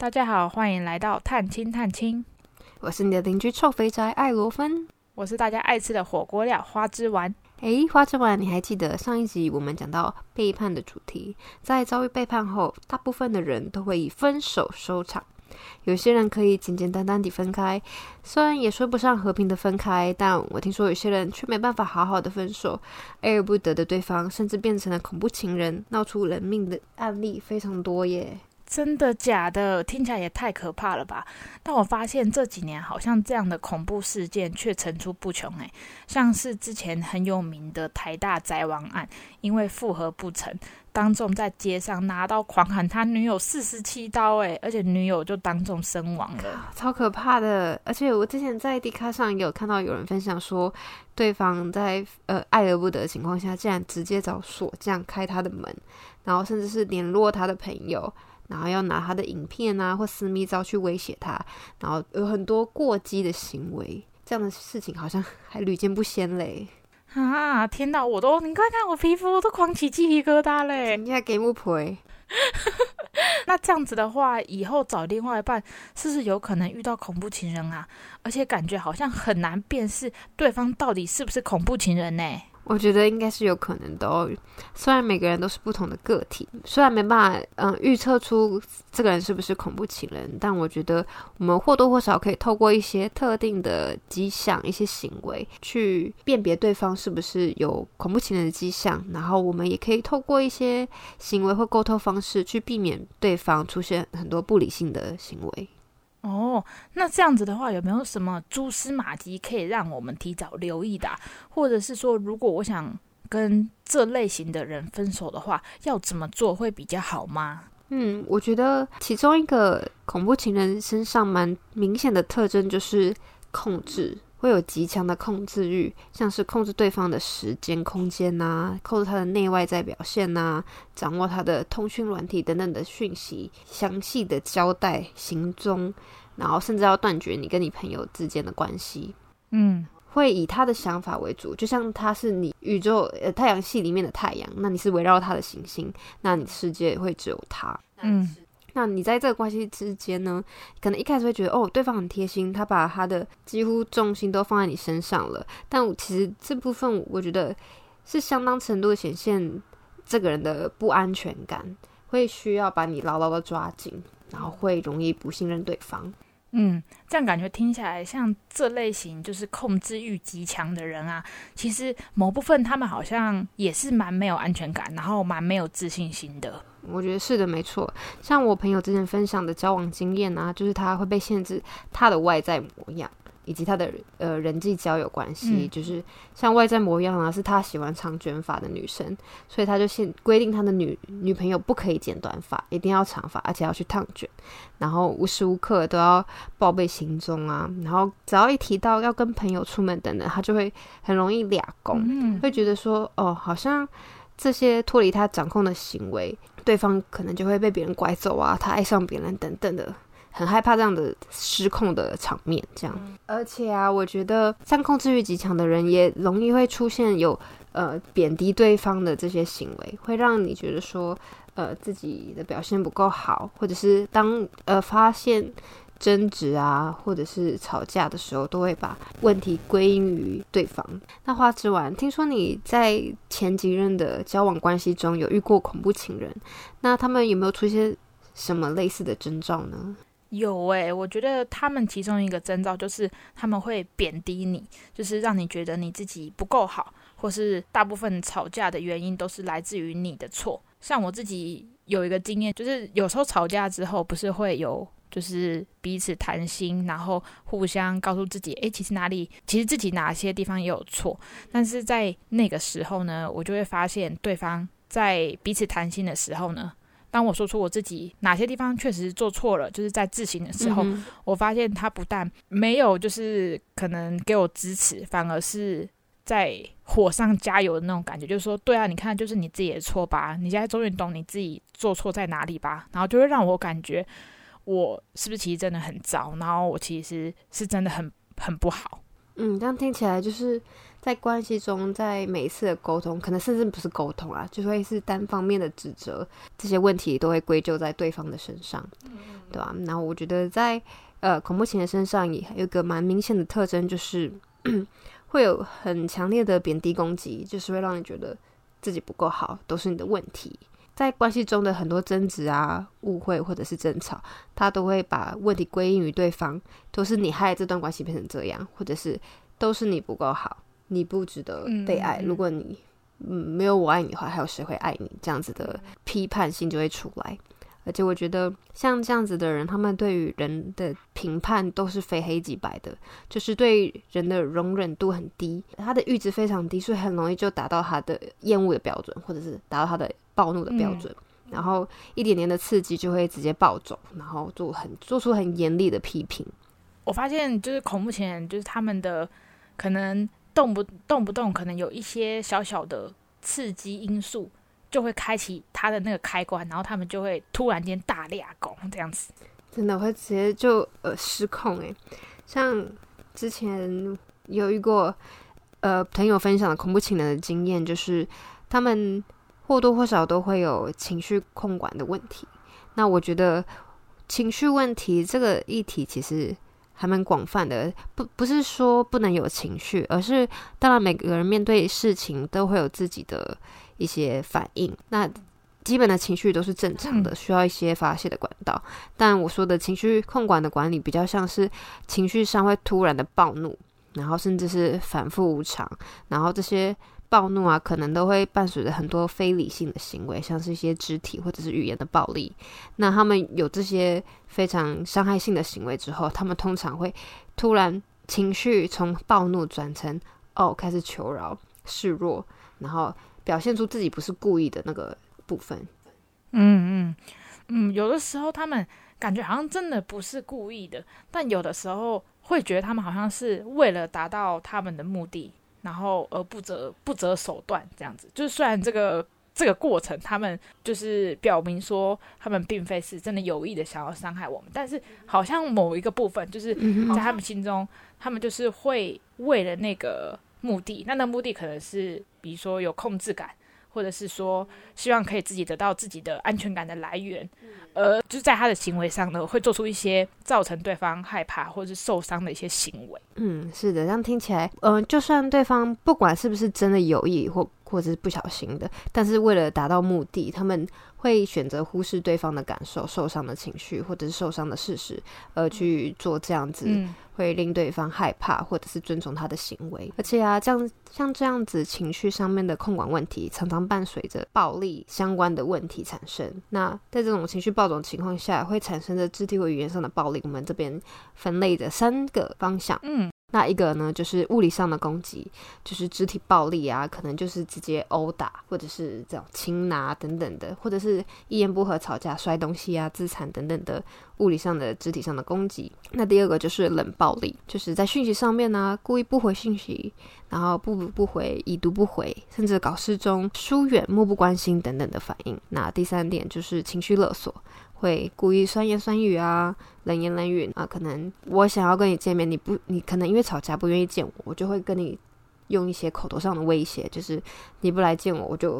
大家好，歡迎來到探親探親。我是你的鄰居臭肥宅愛羅芬，我是大家愛吃的火鍋料花枝丸。誒，花枝丸，你還記得上一集我們講到背叛的主題？在遭遇背叛後，大部分的人都會以分手收場。有些人可以簡簡單單的分開，雖然也說不上和平的分開，但我聽說有些人卻沒辦法好好的分手，愛而，而不得的對方，甚至變成了恐怖情人，鬧出人命的案例非常多耶。真的假的？聽起來也太可怕了吧！但我發現這幾年好像這樣的恐怖事件卻層出不窮哎、欸，像是之前很有名的台大宅王案，因為復合不成，當眾在街上拿刀狂砍他女友四十七刀哎、欸，而且女友就當眾身亡了，超可怕的！而且我之前在迪卡上有看到有人分享說，對方在呃愛而不得的情況下，竟然直接找鎖匠開他的門，然後甚至是聯絡他的朋友。然後要拿他的影片啊或私密照去威脅他，然後有很多過激的行為，這樣的事情好像還屢見不鮮嘞。啊，天哪，我都你快看我皮膚，我都狂起雞皮疙瘩嘞。你在 Gameplay？那這樣子的話，以後找另外一半是不是有可能遇到恐怖情人啊？而且感覺好像很難辨識對方到底是不是恐怖情人呢？我覺得應該是有可能的哦，雖然每個人都是不同的個體，雖然沒辦法嗯，預測出這個人是不是恐怖情人，但我覺得我們或多或少可以透過一些特定的跡象、一些行為去辨別對方是不是有恐怖情人的跡象，然後我們也可以透過一些行為或溝通方式去避免對方出現很多不理性的行為。哦，那這樣子的話，有沒有什麼蛛絲馬跡可以讓我們提早留意的？或者是說，如果我想跟這類型的人分手的話，要怎麼做會比較好嗎？嗯，我覺得其中一個恐怖情人身上蠻明顯的特徵就是控制。會有極強的控制欲，像是控制對方的時間、空間吶、啊，控制他的內外在表現吶、啊，掌握他的通訊軟體等等的訊息，詳細的交代行蹤，然後甚至要斷絕你跟你朋友之間的關係。嗯，會以他的想法為主，就像他是你宇宙、呃、太陽系裡面的太陽，那你是圍繞他的行星，那你世界會只有他。是嗯。那你在這個關係之間呢，可能一開始會覺得哦，對方很貼心，他把他的幾乎重心都放在你身上了。但其實這部分我覺得是相當程度的顯現，這個人的不安全感，會需要把你牢牢的抓緊，然後會容易不信任對方。嗯，這樣感覺聽起來，像這類型就是控制欲極強的人啊。其實某部分他們好像也是蠻沒有安全感，然後蠻沒有自信心的。我覺得是的，沒錯。像我朋友之前分享的交往經驗啊，就是他會被限制他的外在模樣，以及他的呃人際交友關係、嗯。就是像外在模樣啊，是他喜歡長捲髮的女生，所以他就限規定他的女女朋友不可以剪短髮，一定要長髮，而且要去燙捲，然後無時無刻都要報備行蹤啊。然後只要一提到要跟朋友出門等等，他就會很容易倆公、嗯，會覺得說哦，好像。這些脫離他掌控的行為，對方可能就會被別人拐走啊，他愛上別人等等的，很害怕這樣的失控的場面。這樣，嗯，而且啊，我覺得像控制欲極強的人也容易會出現有呃貶低對方的這些行為，會讓你覺得說呃自己的表現不夠好，或者是當呃發現。爭執啊，或者是吵架的時候，都會把問題歸因於對方。那花枝丸，聽說你在前幾任的交往關係中有遇過恐怖情人，那他們有沒有出現什麼類似的徵兆呢？有誒、欸，我覺得他們其中一個徵兆就是他們會貶低你，就是讓你覺得你自己不夠好，或是大部分吵架的原因都是來自於你的錯。像我自己有一個經驗，就是有時候吵架之後，不是會有。就是彼此談心，然後互相告訴自己，誒，其實哪裡，其實自己哪些地方也有錯。但是在那個時候呢，我就會發現對方在彼此談心的時候呢，當我說出我自己哪些地方確實做錯了，就是在自省的時候嗯嗯，我發現他不但沒有就是可能給我支持，反而是在火上加油的那種感覺，就是說，對啊，你看，就是你自己的錯吧，你現在終於懂你自己做錯在哪裡吧，然後就會讓我感覺。我是不是其實真的很糟？然後我其實是真的很很不好。嗯，這樣聽起來就是在關係中，在每一次的溝通，可能甚至不是溝通啊，就會是單方面的指責。這些問題都會歸咎在對方的身上，嗯，對啊。然後我覺得在呃恐怖情人身上也還有個蠻明顯的特徵，就是 會有很強烈的貶低攻擊，就是會讓你覺得自己不夠好，都是你的問題。在關係中的很多爭執啊、誤會或者是爭吵，他都會把問題歸因於對方，都是你害的這段關係變成這樣，或者是都是你不夠好，你不值得被愛。嗯、如果你、嗯、沒有我愛你的話，還有誰會愛你？這樣子的批判性就會出來。而且我覺得像這樣子的人，他們對於人的評判都是非黑即白的，就是對人的容忍度很低，他的閾值非常低，所以很容易就達到他的厭惡的標準，或者是達到他的暴怒的標準。嗯、然後一點點的刺激就會直接暴走，然後做很做出很嚴厲的批評。我發現就是恐怖情人，就是他們的可能動不動不動，可能有一些小小的刺激因素。就會開啟他的那個開關，然後他們就會突然間大力阿貢這樣子，真的會直接就呃失控哎、欸。像之前有遇過呃朋友分享的恐怖情人的經驗，就是他們或多或少都會有情緒控管的問題。那我覺得情緒問題這個議題其實。還蠻廣泛的，不不是說不能有情緒，而是當然每個人面對事情都會有自己的一些反應。那基本的情緒都是正常的，需要一些發洩的管道。但我說的情緒控管的管理，比較像是情緒上會突然的暴怒，然後甚至是反覆無常，然後這些。暴怒啊，可能都會伴隨着很多非理性的行為，像是一些肢體或者是語言的暴力。那他們有這些非常傷害性的行為之後，他們通常會突然情緒從暴怒轉成哦，開始求饒示弱，然後表現出自己不是故意的那個部分。嗯嗯嗯，有的時候他們感覺好像真的不是故意的，但有的時候會覺得他們好像是為了達到他們的目的。然後，而不擇不擇手段這樣子，就是雖然這個這個過程，他們就是表明說，他們並非是真的有意的想要傷害我們，但是好像某一個部分，就是在他們心中，他們就是會為了那個目的，那那個目的可能是，比如說有控制感。或者是說，希望可以自己得到自己的安全感的來源，而就在他的行為上呢，會做出一些造成對方害怕或是受傷的一些行為。嗯，是的，這樣聽起來，嗯、呃，就算對方不管是不是真的有意或或者是不小心的，但是為了達到目的，他們，會選擇忽視對方的感受、受傷的情緒或者是受傷的事實，而去做這樣子，嗯、會令對方害怕或者是尊重他的行為。而且啊，這樣像這樣子情緒上面的控管問題，常常伴隨着暴力相關的問題產生。那在這種情緒暴動情況下，會產生的肢體或語言上的暴力，我們這邊分類的三個方向。嗯。那一個呢，就是物理上的攻擊，就是肢體暴力啊，可能就是直接毆打，或者是這種擒拿等等的，或者是一言不合吵架，摔東西啊、自殘等等的物理上的、肢體上的攻擊。那第二個就是冷暴力，就是在訊息上面呢、啊，故意不回訊息，然後不不，不回，已讀不回，甚至搞失蹤、疏遠、漠不關心等等的反應。那第三點就是情緒勒索，會故意酸言酸語啊，冷言冷語啊，可能我想要跟你見面，你不，你可能因為吵架不願意見我，我就會跟你用一些口頭上的威脅，就是你不來見我，我就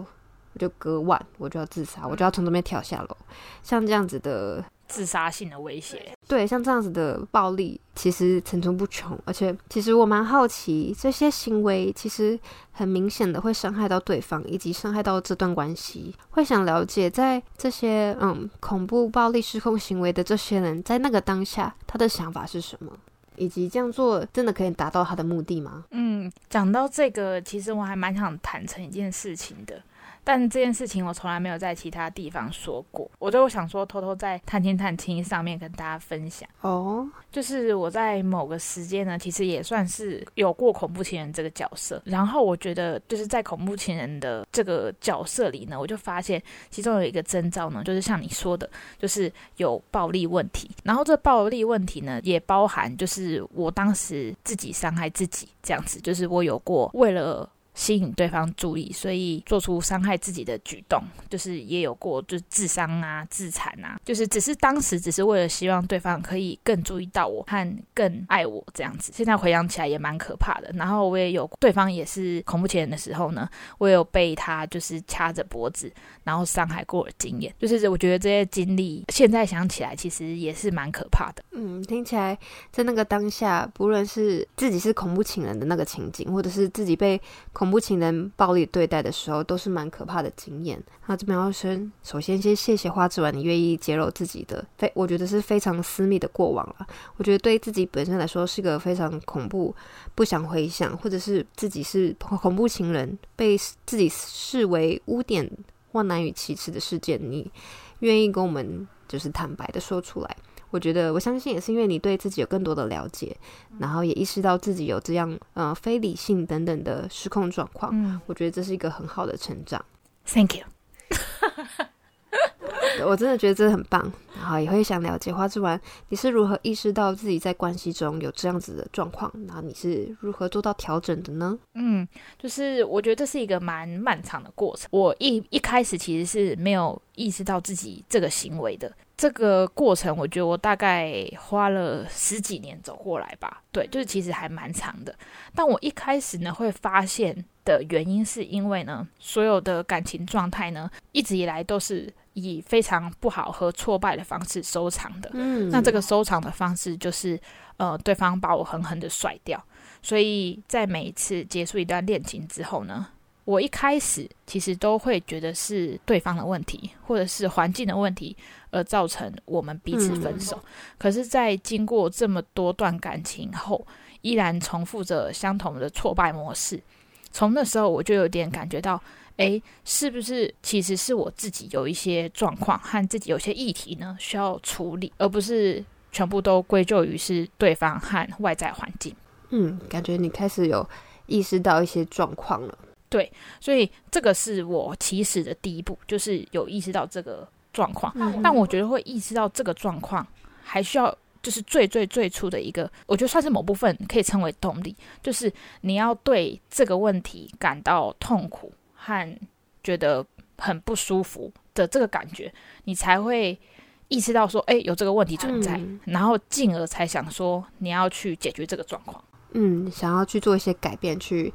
我就割腕，我就要自殺，我就要從這邊跳下樓，像這樣子的。自殺性的威脅，對，像這樣子的暴力其實層出不窮，而且其實我蠻好奇，這些行為其實很明顯的會傷害到對方，以及傷害到這段關係。會想了解，在這些嗯恐怖暴力失控行為的這些人，在那個當下他的想法是什麼，以及這樣做真的可以達到他的目的嗎？嗯，講到這個，其實我還蠻想坦誠一件事情的。但這件事情我從來沒有在其他地方說過，我就想說偷偷在探親探親上面跟大家分享哦。Oh. 就是我在某個時間呢，其實也算是有過恐怖情人這個角色。然後我覺得就是在恐怖情人的這個角色裡呢，我就發現其中有一個徵兆呢，就是像你說的，就是有暴力問題。然後這暴力問題呢，也包含就是我當時自己傷害自己這樣子，就是我有過為了。吸引對方注意，所以做出傷害自己的舉動，就是也有過，就是自傷啊、自殘啊，就是只是當時只是為了希望對方可以更注意到我，和更愛我這樣子。現在回想起來也蠻可怕的。然後我也有對方也是恐怖情人的時候呢，我也有被他就是掐着脖子，然後傷害過的經驗。就是我覺得這些經歷現在想起來，其實也是蠻可怕的。嗯，聽起來在那個當下，不論是自己是恐怖情人的那個情景，或者是自己被恐怖恐怖情人暴力對待的時候，都是蠻可怕的經驗。那這邊要先，首先先謝謝花枝丸，你願意揭露自己的非，我覺得是非常私密的過往了。我覺得對自己本身來說，是個非常恐怖、不想回想，或者是自己是恐怖情人，被自己視為污點或難以啟齒的事件，你願意跟我們就是坦白的說出來。我覺得，我相信也是因為你對自己有更多的了解，嗯、然後也意識到自己有這樣呃非理性等等的失控狀況。嗯，我覺得這是一個很好的成長。Thank you，我真的覺得這很棒。然後也會想了解花枝丸，你是如何意識到自己在關係中有這樣子的狀況？那你是如何做到調整的呢？嗯，就是我覺得這是一個蠻漫長的過程。我一一開始其實是沒有意識到自己這個行為的。這個過程，我覺得我大概花了十幾年走過來吧，對，就是其實還蠻長的。但我一開始呢，會發現的原因是因為呢，所有的感情狀態呢，一直以來都是以非常不好和挫敗的方式收場的。嗯，那這個收場的方式就是，呃，對方把我狠狠的甩掉。所以在每一次結束一段戀情之後呢。我一開始其實都會覺得是對方的問題，或者是環境的問題，而造成我們彼此分手。嗯、可是，在經過這麼多段感情後，依然重複着相同的挫敗模式。從那時候，我就有點感覺到，哎、欸，是不是其實是我自己有一些狀況和自己有一些議題呢，需要處理，而不是全部都歸咎於是對方和外在環境。嗯，感覺你開始有意識到一些狀況了。對，所以這個是我起始的第一步，就是有意識到這個狀況，嗯。但我覺得會意識到這個狀況，還需要就是最最最初的一個，我覺得算是某部分可以稱為動力，就是你要對這個問題感到痛苦和覺得很不舒服的這個感覺，你才會意識到說，哎、欸，有這個問題存在，嗯、然後進而才想說你要去解決這個狀況。嗯，想要去做一些改變去。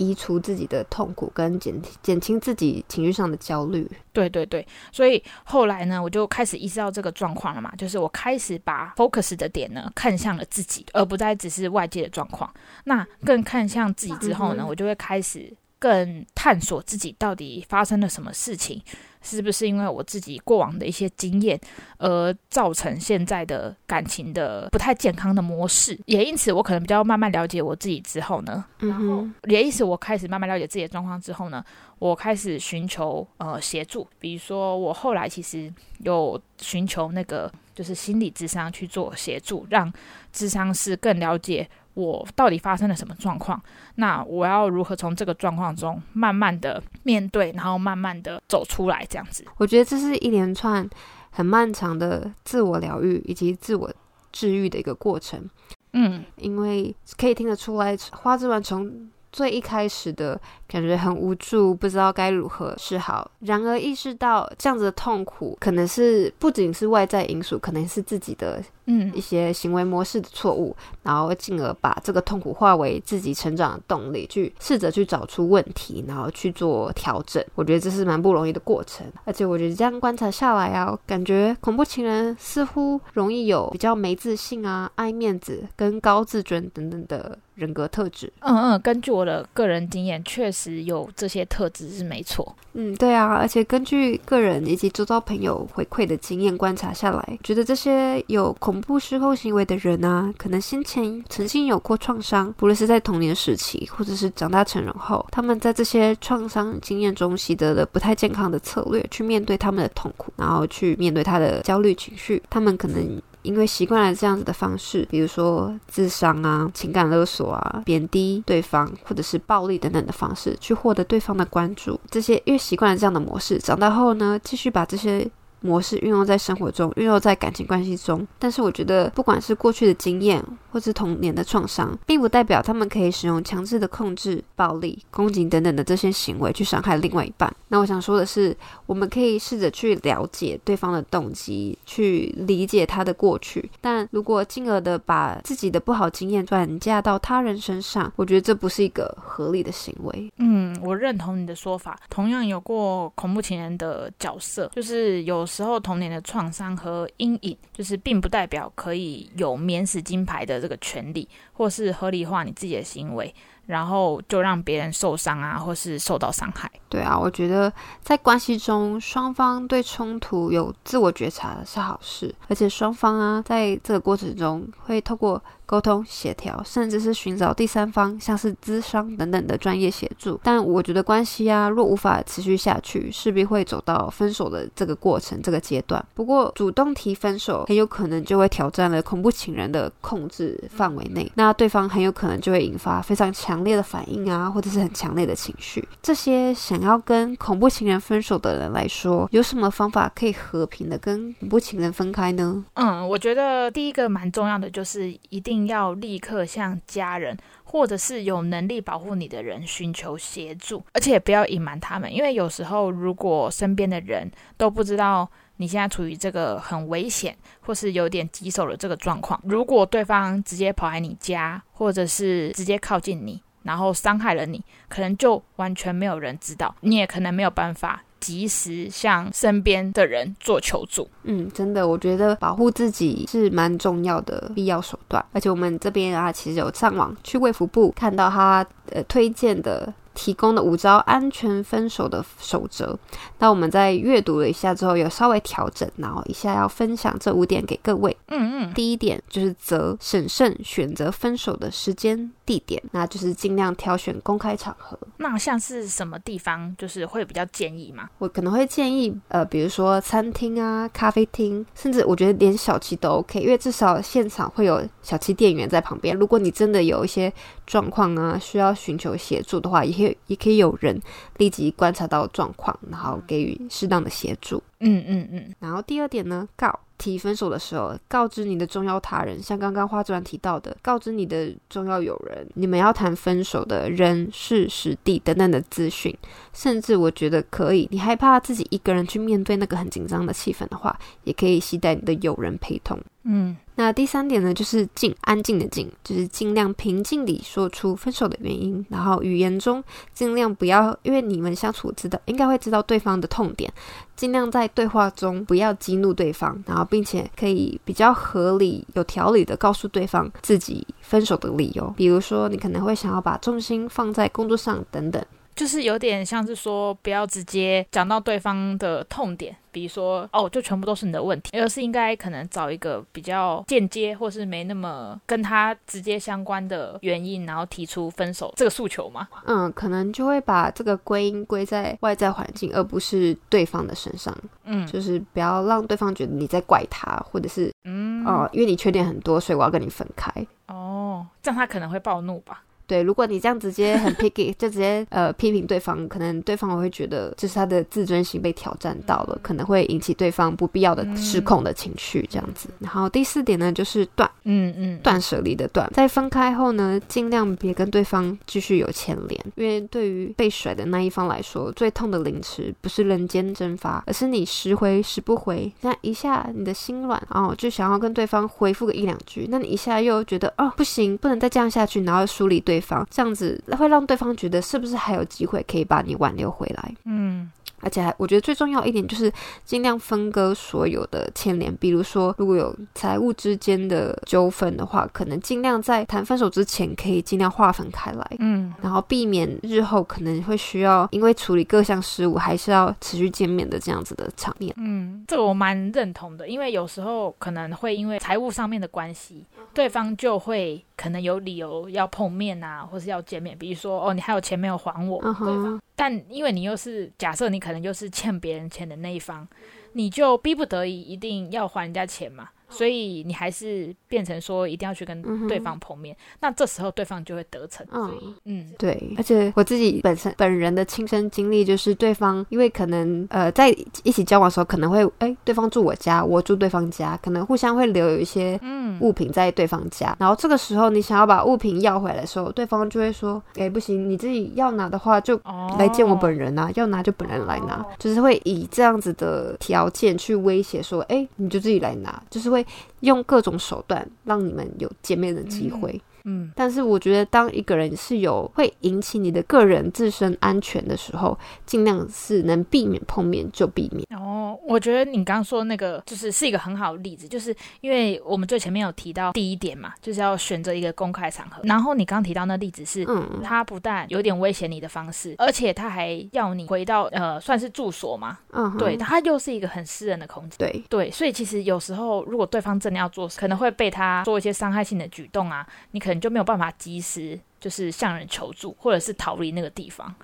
移除自己的痛苦跟減減輕自己情緒上的焦慮。對對對，所以後來呢，我就開始意識到這個狀況了嘛，就是我開始把 focus 的點呢看向了自己，而不再只是外界的狀況。那更看向自己之後呢，嗯，我就會開始。更探索自己到底發生了什麼事情，是不是因為我自己過往的一些經驗而造成現在的感情的不太健康的模式？也因此，我可能比較慢慢了解我自己之後呢，嗯哼，然後也因此我開始慢慢了解自己的狀況之後呢，我開始尋求呃協助，比如說我後來其實有尋求那個就是心理諮商，去做協助，讓諮商師更了解。我到底發生了什麼狀況？那我要如何從這個狀況中慢慢的面對，然後慢慢的走出來？這樣子，我覺得這是一連串很漫長的自我療癒以及自我治癒的一個過程。嗯，因為可以聽得出來，花枝丸從最一開始的感覺很無助，不知道該如何是好。然而意識到這樣子的痛苦，可能是不僅是外在因素，可能是自己的嗯一些行為模式的錯誤。嗯然後進而把這個痛苦化為自己成長的動力，去試着去找出問題，然後去做調整。我覺得這是蠻不容易的過程，而且我覺得這樣觀察下來啊，感覺恐怖情人似乎容易有比較沒自信啊、愛面子跟高自尊等等的人格特質。嗯嗯，根據我的個人經驗，確實有這些特質是沒錯。嗯，對啊，而且根據個人以及周遭朋友回饋的經驗觀察下來，覺得這些有恐怖失控行為的人啊，可能先前曾經有過創傷，不論是在童年時期或者是長大成人後，他們在這些創傷經驗中習得了不太健康的策略去面對他們的痛苦，然後去面對他的焦慮情緒，他們可能。因為習慣了這樣子的方式，比如說自傷啊、情感勒索啊、貶低對方或者是暴力等等的方式去獲得對方的關注，這些越習慣了這樣的模式，長大後呢，繼續把這些模式運用在生活中，運用在感情關係中。但是我覺得，不管是過去的經驗。或是童年的創傷，並不代表他們可以使用強制的控制、暴力、攻擊、等等的這些行為去傷害另外一半。那我想說的是，我們可以試着去了解對方的動機，去理解他的過去。但如果進而的把自己的不好的經驗轉嫁到他人身上，我覺得這不是一個合理的行為。嗯，我認同你的說法。同樣有過恐怖情人的角色，就是有時候童年的創傷和陰影，就是並不代表可以有免死金牌的。這個權利，或是合理化你自己的行為。然後就讓別人受傷啊，或是受到傷害。對啊，我覺得在關係中，雙方對衝突有自我覺察是好事，而且雙方啊，在這個過程中會透過溝通協調，甚至是尋找第三方，像是諮商等等的專業協助。但我覺得關係啊，若無法持續下去，勢必會走到分手的這個過程、這個階段。不過，主動提分手，很有可能就會挑戰了恐怖情人的控制範圍內，嗯，那對方很有可能就會引發非常強。強烈的反應啊，或者是很強烈的情緒，這些想要跟恐怖情人分手的人來說，有什麼方法可以和平的跟恐怖情人分開呢？嗯，我覺得第一個蠻重要的就是一定要立刻向家人或者是有能力保護你的人尋求協助，而且不要隱瞞他們，因為有時候如果身邊的人都不知道你現在處於這個很危險或是有點棘手的這個狀況，如果對方直接跑來你家，或者是直接靠近你。然後傷害了你，可能就完全沒有人知道，你也可能沒有辦法及時向身邊的人做求助。嗯，真的，我覺得保護自己是蠻重要的必要手段。而且我們這邊啊，其實有上網去衛福部看到他，呃，推薦的。提供的五招安全分手的守則，那我們在閱讀了一下之後，有稍微調整，然後一下要分享這五點給各位。嗯嗯。第一點就是擇審慎選擇分手的時間地點，那就是盡量挑選公開場合。那像是什麼地方就是會比較建議嗎？我可能會建議呃，比如說餐廳啊、咖啡廳，甚至我覺得連小七都 OK，因為至少現場會有小七店員在旁邊。如果你真的有一些狀況啊，需要尋求協助的話，也可以有人立即觀察到狀況，然後給予適當的協助。嗯嗯嗯。然後第二點呢，告提分手的時候，告知你的重要他人，像剛剛花枝丸提到的，告知你的重要友人，你們要談分手的人，嗯、事，時地等等的資訊。甚至我覺得可以，你害怕自己一個人去面對那個很緊張的氣氛的話，也可以攜帶你的友人陪同。嗯。那第三點呢，就是靜，安靜的靜，就是盡量平靜地說出分手的原因，然後語言中盡量不要，因為你們相處知道應該會知道對方的痛點，盡量在對話中不要激怒對方，然後並且可以比較合理有條理地告訴對方自己分手的理由，比如說你可能會想要把重心放在工作上等等。就是有點像是說，不要直接講到對方的痛點，比如說哦，就全部都是你的問題，而是應該可能找一個比較間接或是沒那麼跟他直接相關的原因，然後提出分手這個訴求嘛？嗯，可能就會把這個歸因歸在外在環境，而不是對方的身上。嗯，就是不要讓對方覺得你在怪他，或者是嗯哦、呃，因為你缺點很多，所以我要跟你分開。哦，這樣他可能會暴怒吧？對，如果你這樣直接很 picky，就直接呃批評對方，可能對方會覺得這是他的自尊心被挑戰到了，可能會引起對方不必要的失控的情緒，這樣子。然後第四點呢，就是斷，嗯嗯，斷舍離的斷，在分開後呢，儘量別跟對方繼續有牽連，因為對於被甩的那一方來說，最痛的凌遲不是人間蒸發，而是你時回時不回。那一下你的心軟，哦，就想要跟對方回覆個一兩句，那你一下又覺得哦不行，不能再這樣下去，然後梳理對方。方，這樣子會讓對方覺得是不是還有機會可以把你挽留回來？嗯，而且還我覺得最重要一點就是儘量分割所有的牽連，比如說如果有財務之間的糾紛的話，可能儘量在談分手之前可以儘量劃分開來。嗯，然後避免日後可能會需要因為處理各項事務還是要持續見面的這樣子的場面。嗯，這個我蠻認同的，因為有時候可能會因為財務上面的關係，對方就會。可能有理由要碰面啊，或是要見面，比如說哦，你還有錢沒有還我？對吧？Uh -huh. 但因為你又是假設你可能又是欠別人錢的那一方，你就逼不得已一定要還人家錢嘛。所以你還是變成說一定要去跟對方碰面。嗯，那這時候對方就會得逞。嗯，所以嗯，對。而且我自己本身本人的親身經歷就是，對方因為可能呃在一起交往的時候，可能會哎對方住我家，我住對方家，可能互相會留有一些物品在對方家。嗯、然後這個時候你想要把物品要回來的時候，對方就會說哎不行，你自己要拿的話就來見我本人啊，哦、要拿就本人來拿。哦，就是會以這樣子的條件去威脅說哎你就自己來拿，就是會。用各種手段讓你們有見面的機會。嗯嗯。嗯，但是我覺得，當一個人是有會引起你的個人自身安全的時候，盡量是能避免碰面，就避免。哦，我覺得你剛剛說那個就是是一個很好的例子，就是因為我們最前面有提到第一點嘛，就是要選擇一個公開場合。然後你剛剛提到那例子是，嗯，他不但有點威脅你的方式，而且他還要你回到呃算是住所嘛，嗯，對，他又是一個很私人的空間，對對，所以其實有時候如果對方真的要做，可能會被他做一些傷害性的舉動啊，你可能。就沒有辦法及時就是向人求助，或者是逃離那個地方。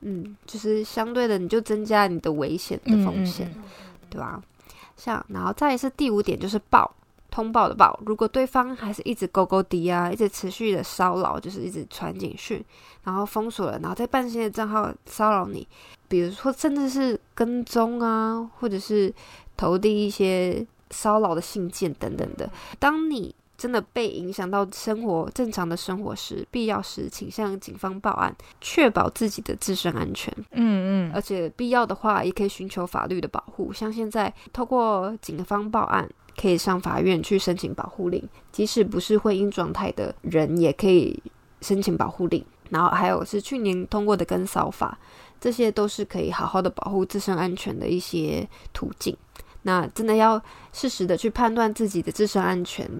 嗯，就是相對的，你就增加你的危險的風險，嗯嗯嗯，對吧？像然後再來是第五點就是報，通報的報。如果對方還是一直勾勾敵啊，一直持續的騷擾，就是一直傳簡訊，然後封鎖了，然後再辦新的帳號騷擾你，比如說甚至是跟蹤啊，或者是投遞一些騷擾的信件等等的，當你。真的被影響到生活，正常的生活時，必要時請向警方報案，確保自己的自身安全。嗯嗯，而且必要的話也可以尋求法律的保護。像現在透過警方報案，可以上法院去申請保護令，即使不是婚姻狀態的人也可以申請保護令。然後還有是去年通過的跟騷法，這些都是可以好好的保護自身安全的一些途徑。那真的要適時的去判斷自己的自身安全。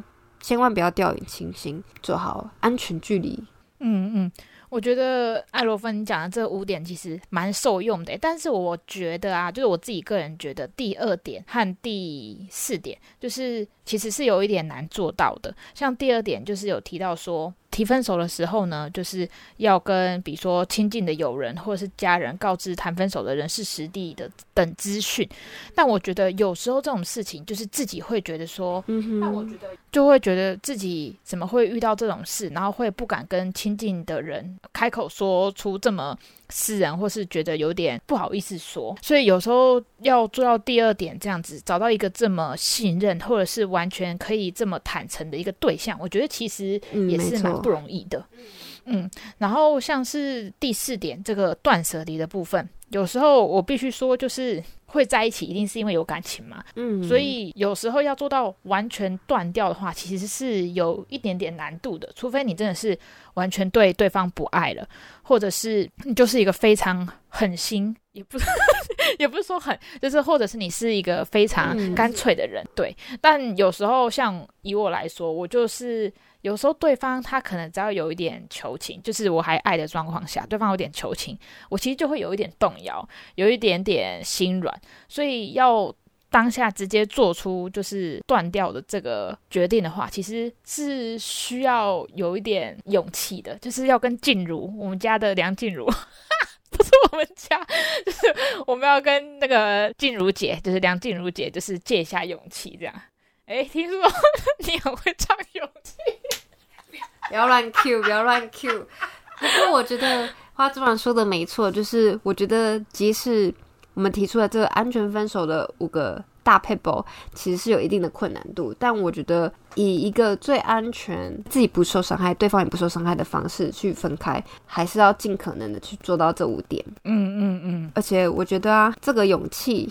千萬不要掉以輕心，做好安全距離。嗯嗯，我覺得愛羅芬你講的這五點其實蠻受用的，但是我覺得啊，就是我自己個人覺得，第二點和第四點，就是其實是有一點難做到的。像第二點，就是有提到說，提分手的時候呢，就是要跟比如說親近的友人或者是家人告知談分手的人事、時地的等資訊。但我覺得有時候這種事情，就是自己會覺得說，那、嗯、我覺得就會覺得自己怎麼會遇到這種事，然後會不敢跟親近的人開口說出這麼私人，或是覺得有點不好意思說。所以有時候要做到第二點，這樣子找到一個這麼信任，或者是完全可以這麼坦誠的一個對象，我覺得其實也是蠻、嗯。不容易的，嗯，然後像是第四點，這個斷捨離的部分，有時候我必須說，就是會在一起，一定是因為有感情嘛，嗯，所以有時候要做到完全斷掉的話，其實是有一點點難度的，除非你真的是完全對對方不愛了，或者是你就是一個非常狠心也不是，也不是說很，就是或者是你是一個非常乾脆的人，嗯，對。但有時候像以我來說，我就是有時候對方他可能只要有一點求情，就是我還愛的狀況下，對方有點求情，我其實就會有一點動搖，有一點點心軟。所以要當下直接做出就是斷掉的這個決定的話，其實是需要有一點勇氣的，就是要跟靜茹，我們家的梁靜茹。不是我們家，就是我們要跟那個靜茹姐，就是梁靜茹姐，就是借一下勇氣這樣。哎，聽說你很會唱勇氣，不要亂 Q，不要亂 Q。 不過我覺得花枝丸說的沒錯，就是我覺得即使我們提出了這個安全分手的五個大撇步，其實是有一定的困難度，但我覺得以一個最安全、自己不受傷害、對方也不受傷害的方式去分開，還是要盡可能的去做到這五點。嗯嗯嗯。而且我覺得啊，這個勇氣，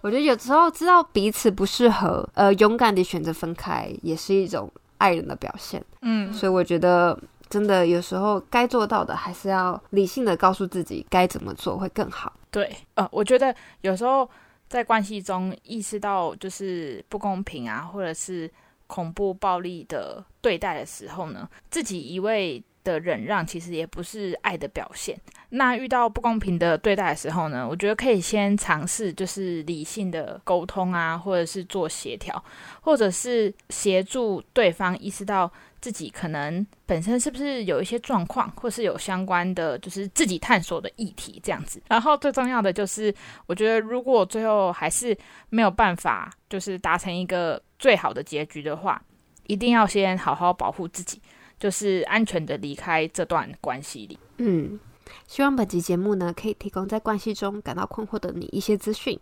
我覺得有時候知道彼此不適合，呃，勇敢的選擇分開，也是一種愛人的表現。嗯。所以我覺得真的有時候該做到的，還是要理性的告訴自己該怎麼做會更好。對，呃、啊，我覺得有時候。在關係中意識到就是不公平啊，或者是恐怖暴力的對待的時候呢，自己一味。的忍讓其實也不是愛的表現。那遇到不公平的對待的時候呢，我覺得可以先嘗試就是理性的溝通啊，或者是做協調，或者是協助對方意識到自己可能本身是不是有一些狀況，或是有相關的就是自己探索的議題這樣子。然後最重要的就是，我覺得如果最後還是沒有辦法就是達成一個最好的結局的話，一定要先好好保護自己。就是安全的離開這段關係裡。嗯，希望本集節目呢，可以提供在關係中感到困惑的你一些資訊。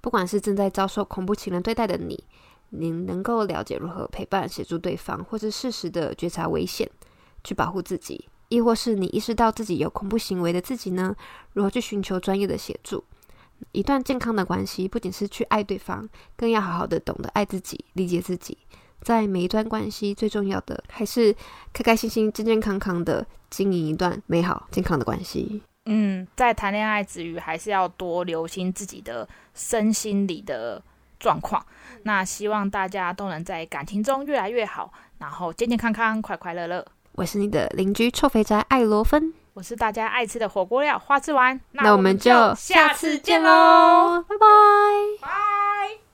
不管是正在遭受恐怖情人對待的你，你能夠了解如何陪伴協助對方，或是適時的覺察危險，去保護自己；亦或是你意識到自己有恐怖行為的自己呢，如何去尋求專業的協助？一段健康的關係，不僅是去愛對方，更要好好的懂得愛自己，理解自己。在每一段關係，最重要的還是開開心心、健健康康的經營一段美好、健康的關係。嗯，在談戀愛之餘，還是要多留心自己的身心裡的狀況。那希望大家都能在感情中越來越好，然後健健康康、快快樂樂。我是你的鄰居臭肥宅愛羅芬，我是大家愛吃的火鍋料花枝丸。那我們就下次見嘍，拜拜，拜。